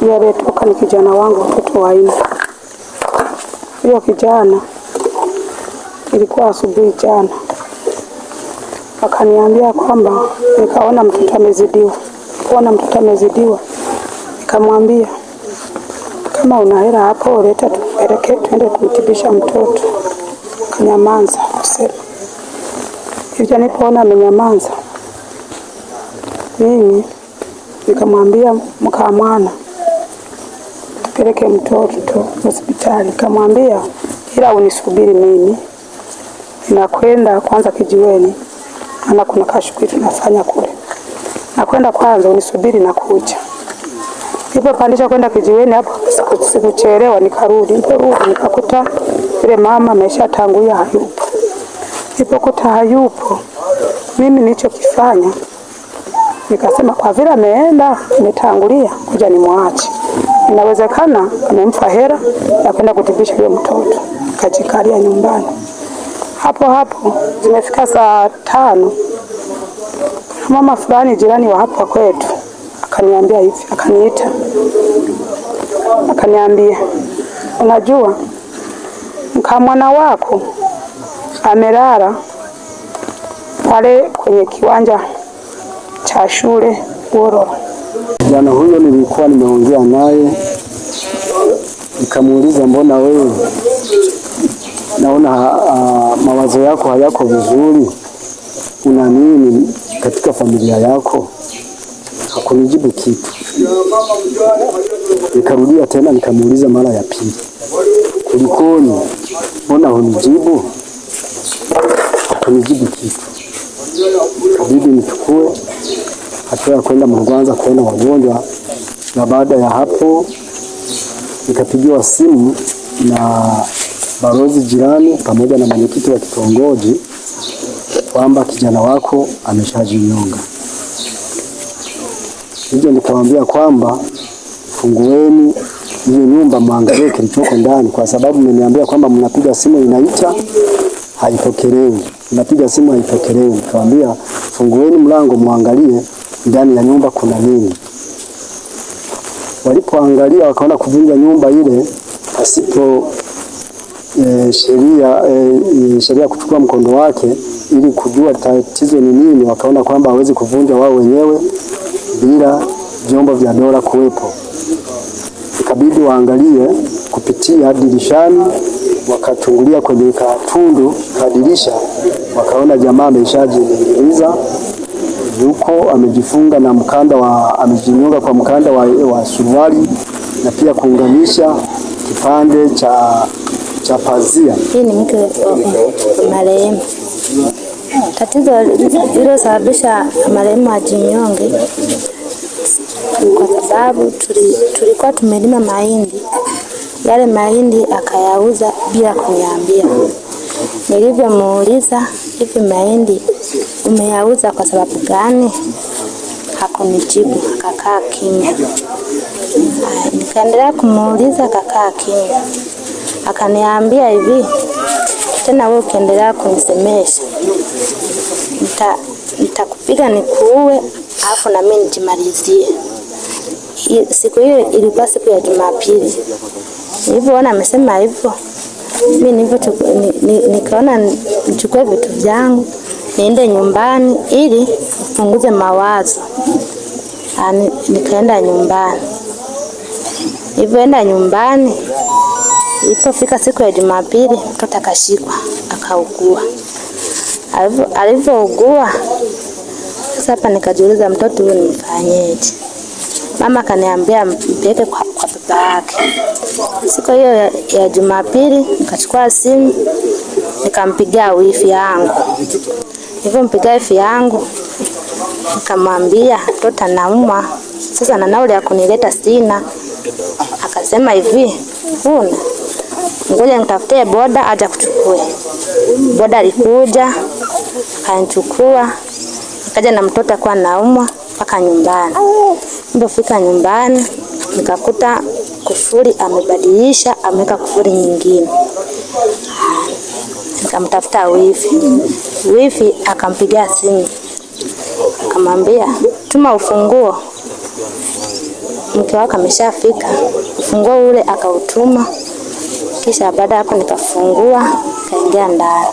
huyo aliyetoka ni kijana wangu, wa wanne. Huyo kijana ilikuwa asubuhi jana akaniambia kwamba, nikaona mtoto amezidiwa, ona mtoto amezidiwa. Nikamwambia kama una hela hapo leta, tupeleke tuende kumtibisha mtoto. Kanyamanza kusema hivyo. Nipoona amenyamanza, mimi nikamwambia mkaa mwana nipeleke mtoto hospitali, kamwambia ila unisubiri mimi, nakwenda kwanza kijiweni, maana kuna kashuki tunafanya kule, nakwenda kwanza, unisubiri na kuja. Nilipopandisha kwenda kijiweni hapo, sikuchelewa, nikarudi. Niliporudi nikakuta ile mama amesha tangulia, hayupo. Nilipokuta hayupo, mimi nilichokifanya nikasema, kwa vile ameenda ametangulia, kuja nimwache inawezekana amempa hela ya kwenda kutibisha huyo mtoto katika hali ya nyumbani. Hapo hapo zimefika saa tano, mama fulani jirani wa hapa kwetu akaniambia hivi, akaniita akaniambia, unajua mkamwana wako amelala pale kwenye kiwanja cha shule Wororo. huyo nilikuwa nimeongea naye nikamuuliza, mbona wewe naona uh, mawazo yako hayako vizuri, una nini katika familia yako? Hakunijibu kitu. Nikarudia tena nikamuuliza mara ya pili, kulikoni, mbona hunijibu? Hakunijibu kitu. kabidi nichukue hatua ya kwenda Murugwanza kuona wagonjwa, na baada ya hapo nikapigiwa simu na balozi jirani pamoja na mwenyekiti wa kitongoji kwamba kijana wako ameshajinyonga. Nije nikawaambia kwamba funguweni hiyo nyumba mwangalie kilichoko ndani, kwa sababu mmeniambia kwamba mnapiga simu inaita haipokelewi, mnapiga simu haipokelewi. Nikawaambia funguweni mlango mwangalie ndani ya nyumba kuna nini. Walipoangalia wakaona kuvunja nyumba ile pasipo e, sheria e, e sheria kuchukua mkondo wake ili kujua tatizo ni nini, wakaona kwamba hawezi kuvunja wao wenyewe bila vyombo vya dola kuwepo. Ikabidi waangalie kupitia dirishani, wakachungulia kwenye katundu kadirisha, wakaona jamaa ameshajiningiliza yuko amejifunga na mkanda wa amejinyunga kwa mkanda wa, wa suruali na pia kuunganisha kipande cha cha pazia. Hii ni mke oh, marehemu. Tatizo lililosababisha marehemu ajinyonge kwa sababu tulikuwa tumelima mahindi, yale mahindi akayauza bila kuniambia. Nilivyomuuliza hivi mahindi Umeyauza kwa sababu gani? Hakunijibu, akakaa kimya. Nikaendelea kumuuliza, akakaa kimya, akaniambia hivi tena, wewe ukiendelea kunisemesha nitakupiga nikuue, alafu na mimi nijimalizie. Siku hiyo ilikuwa siku ya Jumapili. Nilivyoona amesema hivyo, mi nilivyo nikaona nichukue vitu vyangu niende nyumbani ili nipunguze mawazo. Ah, nikaenda nyumbani. Nilipoenda nyumbani, ilipofika siku ya Jumapili, mtoto akashikwa akaugua. Alivyougua sasa, hapa nikajiuliza, mtoto huyu nimfanyeje? Mama kaniambia mpeke kwa, kwa baba yake. Siku hiyo ya, ya Jumapili nikachukua simu nikampigia wifi yangu mpiga afya yangu nikamwambia mtoto anauma, sasa na nauli ya kunileta sina. Akasema hivi, huna ngoja nitafutie boda aje kuchukue. Boda alikuja akanichukua, akaja na mtoto akuwa naumwa mpaka nyumbani. Nilipofika nyumbani nikakuta kufuri amebadilisha, ameweka kufuri nyingine nikamtafuta wifi. Wifi akampigia simu akamwambia, tuma ufunguo, mke wako ameshafika. Ufunguo ule akautuma, kisha baada hapo nikafungua, kaingia ndani.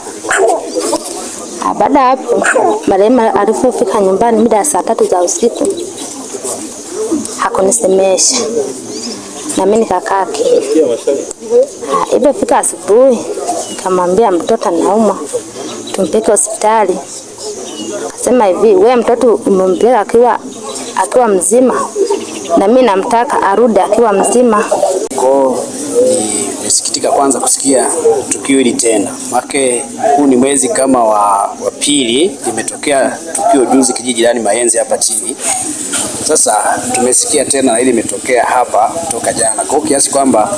Baada hapo marehemu alipofika nyumbani mida ya saa tatu za usiku hakunisemesha na mimi kakake Ilipofika asubuhi, nikamwambia mtoto anaumwa, tumpeke hospitali. Akasema hivi, we mtoto umempeleka akiwa akiwa mzima, na mimi namtaka arudi akiwa mzima. Kwa nimesikitika kwanza kusikia tukio hili tena, make huu ni mwezi kama wa, wa pili, limetokea tukio juzi kijiji jirani Mayenzi hapa chini sasa tumesikia tena na hili hapa toka jana, kwa kiasi kwamba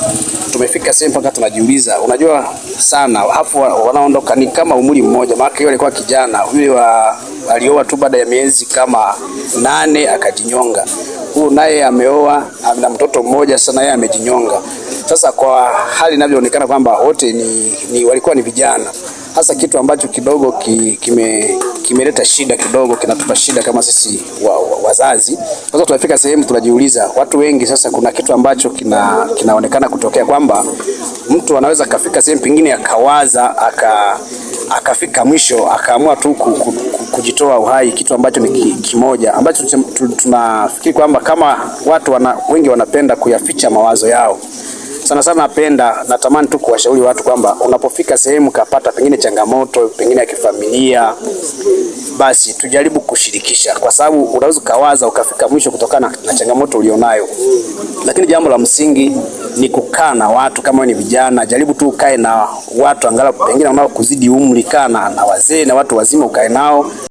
tumefika sehemu mpaka tunajiuliza, unajua sana hapo wanaondoka ni kama umri mmoja, maana yule alikuwa kijana wa alioa tu baada ya miezi kama nane akajinyonga. Huyu naye ameoa na mtoto mmoja, sasa naye amejinyonga. Sasa kwa hali inavyoonekana kwamba wote ni, ni walikuwa ni vijana hasa kitu ambacho kidogo ki, kimeleta shida kidogo kinatupa shida kama sisi wa, wazazi. Sasa tunafika sehemu tunajiuliza, watu wengi sasa, kuna kitu ambacho kina, kinaonekana kutokea kwamba mtu anaweza akafika sehemu pengine akawaza aka akafika mwisho akaamua tu kujitoa uhai, kitu ambacho ni kimoja ambacho tunafikiri kwamba kama watu wana, wengi wanapenda kuyaficha mawazo yao sana sana napenda natamani tu kuwashauri watu kwamba unapofika sehemu kapata pengine changamoto pengine ya kifamilia, basi tujaribu kushirikisha, kwa sababu unaweza ukawaza ukafika mwisho kutokana na changamoto ulionayo. Lakini jambo la msingi ni kukaa na watu. Kama ni vijana, jaribu tu ukae na watu angalau pengine kuzidi umri, kaa na wazee na watu wazima, ukae nao.